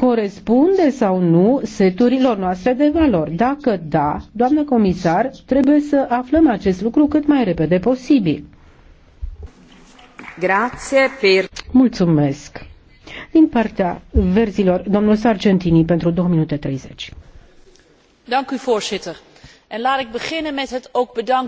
corespunde sau nu seturilor noastre de valori. Dacă da, doamnă comisar, trebuie să aflăm acest lucru cât mai repede posibil. Grazie per... Mulțumesc. Din partea verzilor, domnul Sargentini, pentru 2 minute 30. Dank u, voorzitter. En laat ik beginnen met het ook bedanken.